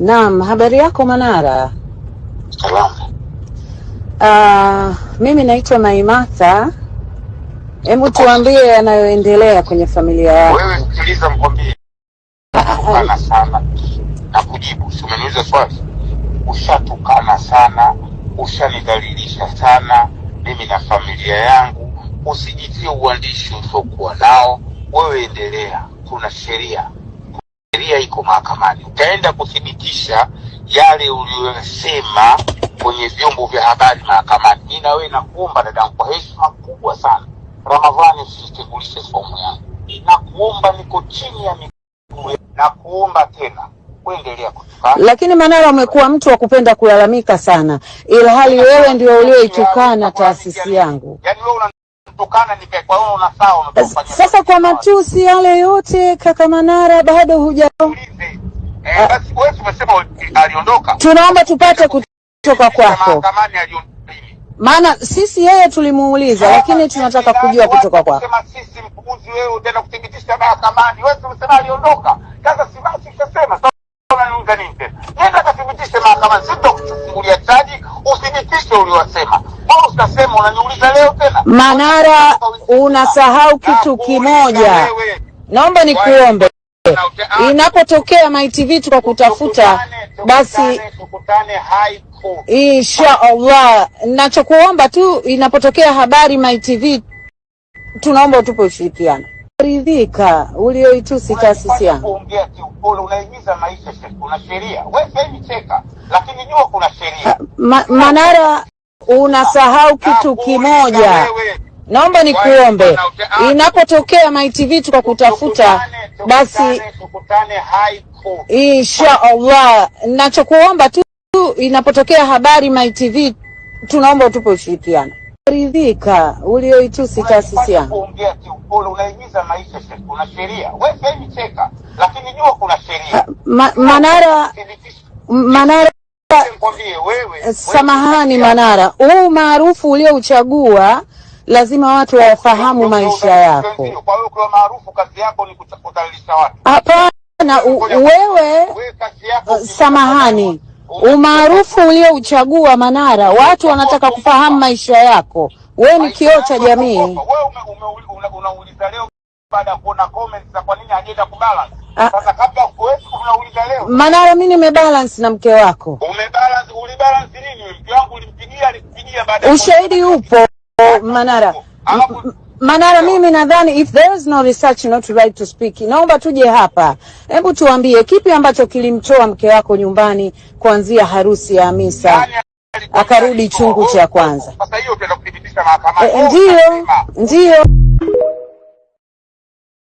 Naam, habari yako Manara? Salama. Uh, mimi naitwa Maimatha. Hebu tuambie yanayoendelea kwenye familia yako. Wewe sikiliza, mkwambie unatukana sana na kujibu. Si umeniuliza swali? Ushatukana sana, ushanidhalilisha sana mimi na familia yangu. Usijitie uandishi usiokuwa nao. Wewe endelea, kuna sheria sheria iko mahakamani, utaenda kuthibitisha yale uliyosema kwenye vyombo vya habari mahakamani. Mi na wewe nakuomba dada, kwa heshima kubwa sana, Ramadhani, usitegulishe somo yangu, nakuomba, niko chini ya miguu, nakuomba tena Lakini Manara, umekuwa mtu wa kupenda kulalamika sana, ila hali wewe ndio uliyoitukana taasisi yangu, yaani kutukana ni kwa hiyo una sawa. Sasa kwa matusi yale yote, kaka Manara, bado huja eh, ah. basi wewe umesema aliondoka, tunaomba tupate kutoka kwako, maana sisi yeye tulimuuliza, lakini tunataka yaani kujua kutoka kwako. sisi wewe mahakamani, wewe umesema aliondoka. Sasa si basi Nenda kathibitishe mahakamani, chaji, uthibitishe uliwasema unaniuliza leo tena? Manara, unasahau kitu kimoja, naomba nikuombe, ah. inapotokea MyTV kwa kutafuta basi, insha Allah, nachokuomba tu inapotokea habari MyTV, tunaomba utupe ushirikiano ridhika ulioitusi taasisi yangu. Ah, Manara unasahau kitu kimoja. Naomba nikuombe, inapotokea maiti vitu kwa kutafuta, basi insha Allah, nachokuomba tu inapotokea habari maiti tunaomba utupe ushirikiano ridhika ulioitusi taasisi yangu. Manara, Manara Samahani Manara, huu maarufu uliouchagua lazima watu wafahamu maisha yako. Hapana, wewe samahani, umaarufu uliouchagua Manara, watu wanataka kufahamu maisha yako. Wewe ni kioo cha jamii. Ah, Manara, mimi nimebalance na mke wako balance nini? Mke wangu ulimpigia, alikupigia baada ya ushahidi upo Manara. Manara, mimi nadhani if there is no research not right to speak. Naomba tuje hapa, hebu tuambie kipi ambacho kilimtoa mke wako nyumbani kuanzia harusi ya Hamisa yaani akarudi chungu cha oh, kwanza? Eh, eh, ndio, ndio.